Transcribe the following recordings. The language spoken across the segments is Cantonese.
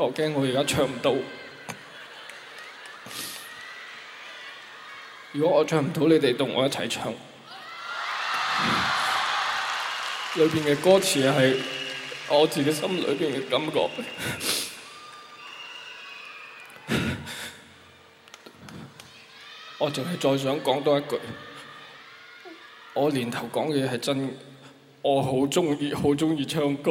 我驚我而家唱唔到，如果我唱唔到，你哋同我一齊唱。裏邊嘅歌詞係我自己心裏邊嘅感覺。我淨係再想講多一句，我年頭講嘅嘢係真嘅，我好鍾意，好鍾意唱歌。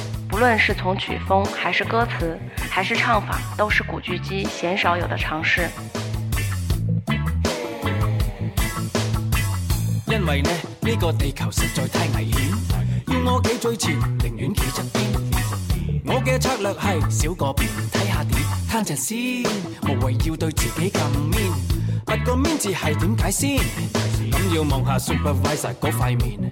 無論是從曲風，還是歌詞，還是唱法，都是古巨基鮮少有的嘗試。因為呢，呢、呢個地球實在太危險，要我企最前，寧願企側邊。我嘅策略係少個變，睇下點攤陣先，無謂要對自己咁面。乜個面字係點解先？咁要望下 supervisor 嗰塊面。